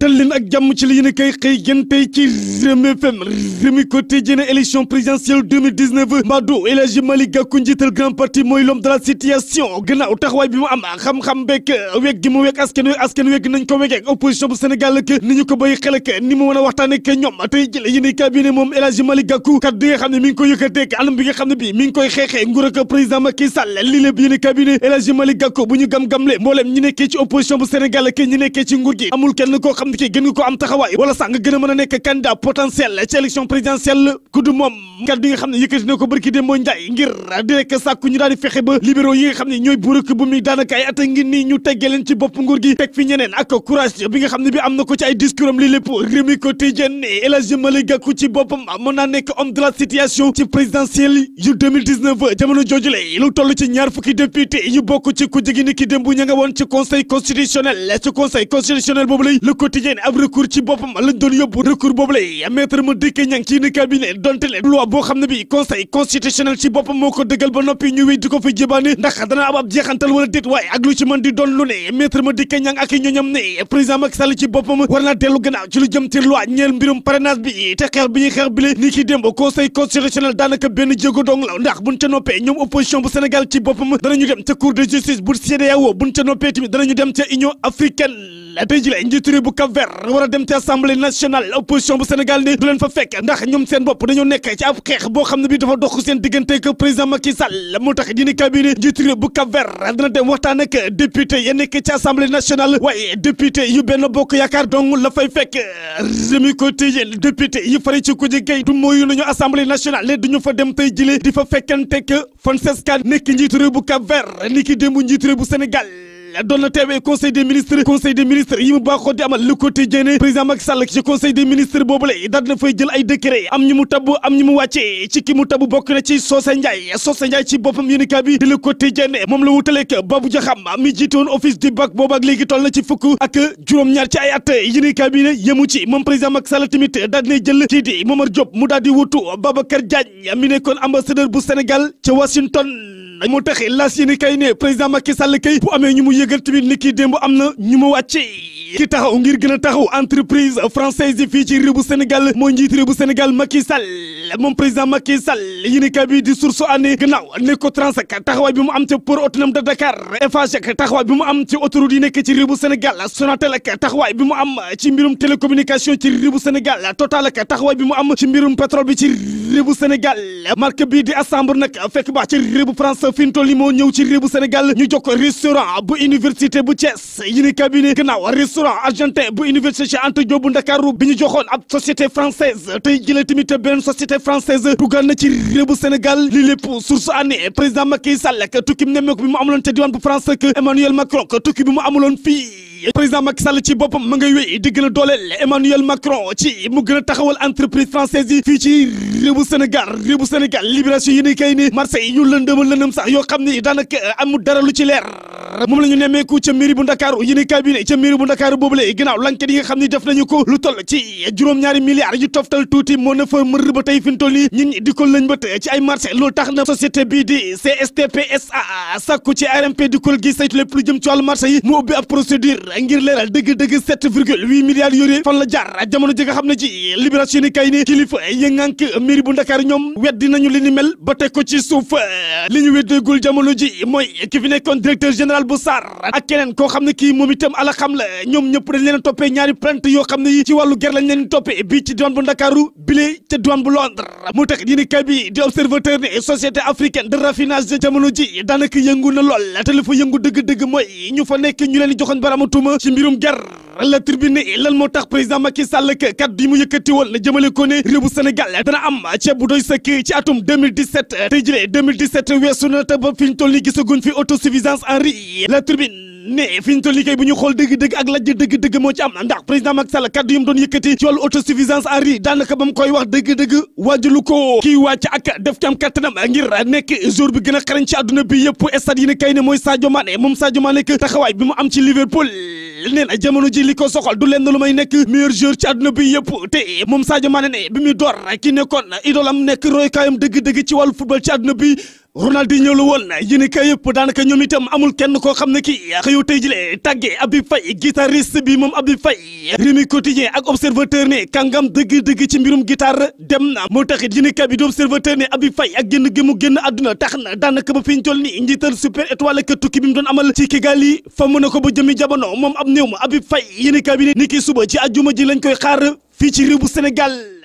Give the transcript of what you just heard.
dal leen ak jàmm ci li yéen a koy xëy gën tey ci Rewmi FM Rewmi Quotidien élection présidentielle 2019 Mbadou El Hadji Malick Gakou njiital grand parti mooy l'homme de la situation gannaaw taxawaay bi mu am xam-xam bekk wegg gi mu wegg askan wi nañ ko weggeek opposition bu Sénégal ak ni ko bàyyi xel ak ni mu mën a waxtaane ak ñoom tey jële yéen a cabinet moom El Hadji Malick Gakou kat xam ne mi ngi koy yëkkatee ak anam bi xam ne bi mi koy xeexee nguur a cabinet El bu ñu gam-gamle mbooleem ñi nekkee ci opposition bu Sénégal ak ñi nekkee koo xam xam ne kii gën nga ko am taxawaay wala sax nga gën mën a nekk candidat potentiel ci élection présidentielle ku du moom kaddu nga xam ne yëkkati na ko barki démboo Njaay ngir di rek sàkku ñu daal fexe ba libéraux yi nga xam ne ñooy burëk bu muy daanaka ay ata ngi ñu teggee leen ci bopp nguur gi teg fi ñeneen ak courage bi nga xam ne bi am na ko ci ay discours am li lépp Rewmi Quotidien El Hadji Malick Gakou ci boppam mën naa nekk homme de la situation quotidien ab recours ci boppam lañ doon yóbbu recours boobu lay maître ma dëkke ñang ci ni cabinet donte le loi boo xam ne bi conseil constitutionnel ci boppam war naa dellu gannaaw ci lu jëm ci loi ñeel mbirum parrainage bi te xeex bi ñuy xeex bi le ni ki démb conseil constitutionnel daanaka benn jéego dong la ndax buñ ca noppee ñoom opposition bu Sénégal ci boppam danañu dem ca cour de justice bu CEDEAO buñ ca noppee tamit danañu dem ca union tey ji la njiitu réew bu Cap Vert war a dem ci assemblée nationale opposition bu Sénégal ni du leen fa fekk ndax ñoom seen bopp dañoo nekk ci ab xeex boo xam ne bi dafa dox seen diggante que président Macky Sall moo tax dina cabinet njiitu bu Cap Vert dina dem waxtaan ak député ya nekk ci assemblée nationale waaye député yu benn bokk yaakaar dong la fay fekk Rewmi Quotidien député yu fari ci ku ji gay du mooyu nañu assemblée nationale du ñu fa dem tey jile di fa fekkante bu Cap Vert ni ki démb njiitu réew bu Sénégal doon na teewee conseil des ministres conseil des ministres yi mu baaxoo di amal le quotidien président Macky Sall ci conseil des ministres boobule daal na fay jël ay décret am ñu mu tabb am ñu mu wàccee ci ki mu tabb bokk na ci Socé Ndiaye Socé Ndiaye ci boppam yéenekaay bi di le quotidien moom la wutaleeg Babou Diakham mi jiite woon office du BAC boobu ak léegi toll na ci fukk ak juróom-ñaar ci ay at yéenekaay bi ne yemu ci moom président Macky Sall tamit daal na jël kii benn mu taxe las yéen kay ne président Macky Sall kay bu amee ñu mu yëgal tamit ni kii démb am na ñu mu wàcce ki taxaw ngir gën a taxaw entreprise française yi fii ci réew Sénégal mooy njiit réew bu Sénégal Macky moom président Macky Sall yi ni kay bi di source année gannaaw ni ko taxawaay bi mu am ci port autonome de ci autoroute Sénégal Sonatel ak taxawaay bi mu am ci mbirum télécommunication ci réewu Sénégal Total ak taxawaay bi mu am ci mbirum pétrole bi ci réewu Sénégal marque bii di assemble nag fekk baax ci réewu France fi mu ñëw ci réewu Sénégal ñu jokk restaurant bu université bu Thiès yi ni cabinet restaurant argentin bu université Cheikh Anta Diop bu française dugal na ci réew Sénégal lii lépp source année président Macky Sall ak tukki bi nemmeeku bi mu amuloon ca diwaan bu France ak Emmanuel Macron ak tukki bi mu amuloon fii. président Macky Sall ci boppam ma ngay wéy di gën a dooleel Emmanuel Macron ci mu gën a taxawal entreprise française fii ci réewu Sénégal réewu Sénégal libération yi ni kay ni marché yi ñu lëndëma lëndëm sax yoo xam ni daanaka amul dara lu ci leer Sarr moom la ñu nemmeeku ca mairie bu Ndakaaru yéen cabinet ca mairie bu Ndakaaru boobule ginnaaw lanket yi nga xam ne def nañu ko lu toll ci juróom-ñaari milliards yu toftal tuuti moo na fa mër ba tey fi mu toll nii ñit ñi di ko lañ bët ci ay marché loolu tax na société bii di CSTPSA sàkku ci ARMP di ko gi saytu lépp jëm ci wàllu marché yi mu ubbi ab procédure ngir leeral dëgg-dëgg sept virgule huit milliards yore fan la jaar jamono ji nga xam ne ci libération yi kay ni ñoom weddi li ni ba teg ko ci suuf li ñu weddeegul jamono ji mooy ki fi nekkoon directeur bu Sarr ak keneen koo xam ne kii moom itam ala xam la ñoom ñëpp dañ leen toppee ñaari plainte yoo xam ne yi ci wàllu ger lañ leen toppee bii ci douane bu Ndakaaru bile ca douane bu Londres mu tax yéen kay bi di observateur ne société africaine de raffinage de ji daanaka yëngu na lool te li fa dëgg-dëgg mooy ñu fa nekk ñu leen di joxoon baramu tuuma ci mbirum ger la tribune lan moo tax président Macky Sall ka kaddu yi mu yëkkati woon jëmale ko ne réew yi la ne fi ñu toll bu ñu xool dëgg-dëgg ak lajj dëgg-dëgg moo ci am ndax président Macky Sall kaddu yum doon yëkkati ci wàllu autosuffisance en riz daanaka ba mu koy wax dëgg-dëgg waajulu ko kii wàcc ak def ci am kattanam ngir nekk jour bi gën a xarañ ci àdduna bi yëpp stade yi ne kay ne mooy Sadio Mané moom Sadio Mané nekk taxawaay bi mu am ci Liverpool nee na ji li ko soxal du lenn lu may nekk meilleur joueur ci àdduna bi yëpp te moom Sadio Mané ne bi muy door ki nekkoon nekk roykaayam dëgg-dëgg ci wàllu football ci àdduna bi Ronaldinho la woon yéen kay yëpp daanaka ñoom itam amul kenn koo xam ne kii xëyu tey jile tàgge Habib Faye guitariste bi moom Habib Faye Rewmi Quotidien ak observateur ne kàngam dëgg-dëgg ci mbirum guitare dem na moo taxit yéen ka bi di observateur ne Habib Faye ak génn gi mu génn àdduna tax na daanaka ba fi ñu toll nii njiital super étoile ka tukki bi mu amal ci Kigali famm na ko ba jëmi jamono moom ab néew ma Habib Faye yéen kay bi ne ni ki suba ci àjjuma ji lañ koy xaar fii ci réew bu Sénégal